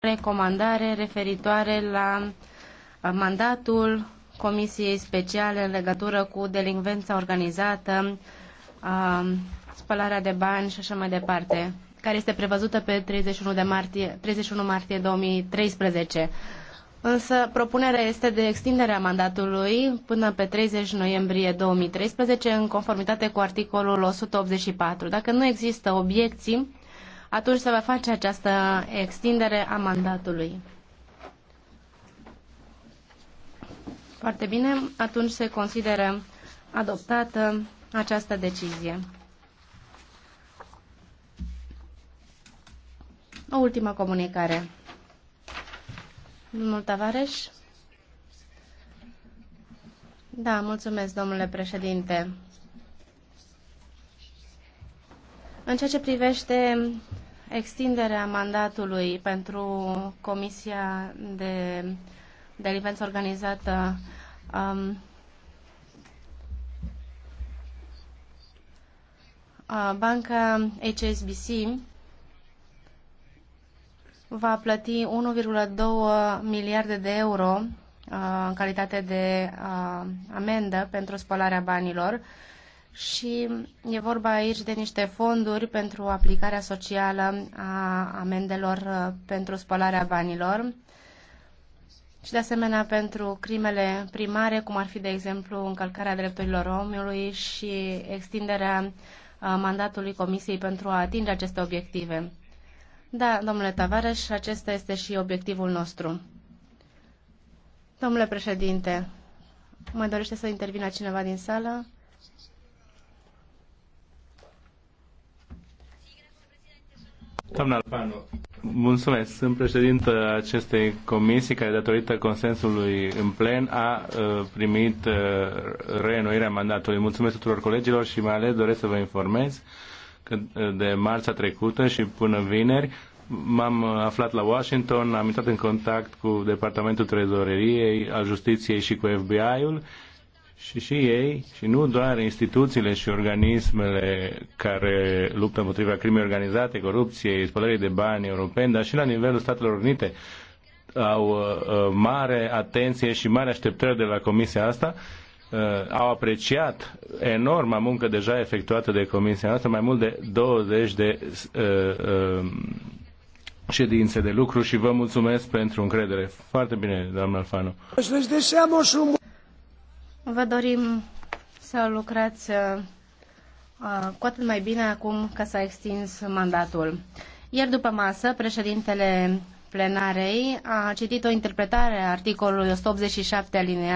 recomandare referitoare la uh, mandatul Comisiei Speciale în legătură cu delinvența organizată, uh, spălarea de bani și așa mai departe, care este prevăzută pe 31, de martie, 31 martie 2013. Însă propunerea este de extindere a mandatului până pe 30 noiembrie 2013 în conformitate cu articolul 184. Dacă nu există obiecții, atunci se va face această extindere a mandatului. Foarte bine, atunci se consideră adoptată această decizie. O ultimă comunicare. Domnul Tavares? Da, mulțumesc, domnule președinte. În ceea ce privește extinderea mandatului pentru Comisia de Delivență Organizată um, uh, Banca HSBC va plăti 1,2 miliarde de euro uh, în calitate de uh, amendă pentru spălarea banilor și e vorba aici de niște fonduri pentru aplicarea socială a amendelor uh, pentru spălarea banilor și de asemenea pentru crimele primare, cum ar fi, de exemplu, încălcarea drepturilor omului și extinderea uh, mandatului Comisiei pentru a atinge aceste obiective. Da, domnule Tavares, acesta este și obiectivul nostru. Domnule președinte, mai dorește să intervină cineva din sală? Doamna Alfano, mulțumesc. Sunt acestei comisii care, datorită consensului în plen, a uh, primit uh, reînnoirea mandatului. Mulțumesc tuturor colegilor și mai ales doresc să vă informez că uh, de marța trecută și până vineri m-am aflat la Washington, am intrat în contact cu Departamentul Trezoreriei, al Justiției și cu FBI-ul și și ei, și nu doar instituțiile și organismele care luptă împotriva crimei organizate, corupției, spălării de bani europeni, dar și la nivelul Statelor Unite au uh, uh mare atenție și mare așteptări de la comisia asta. Uh, au apreciat enorma muncă deja efectuată de comisia noastră, mai mult de 20 de uh, uh, ședințe de lucru și vă mulțumesc pentru încredere. Foarte bine, doamna Alfano. Vă dorim să lucrați uh, uh, cu atât mai bine acum că s-a extins mandatul. Ieri după masă, președintele plenarei a citit o interpretare a articolului 187 alineat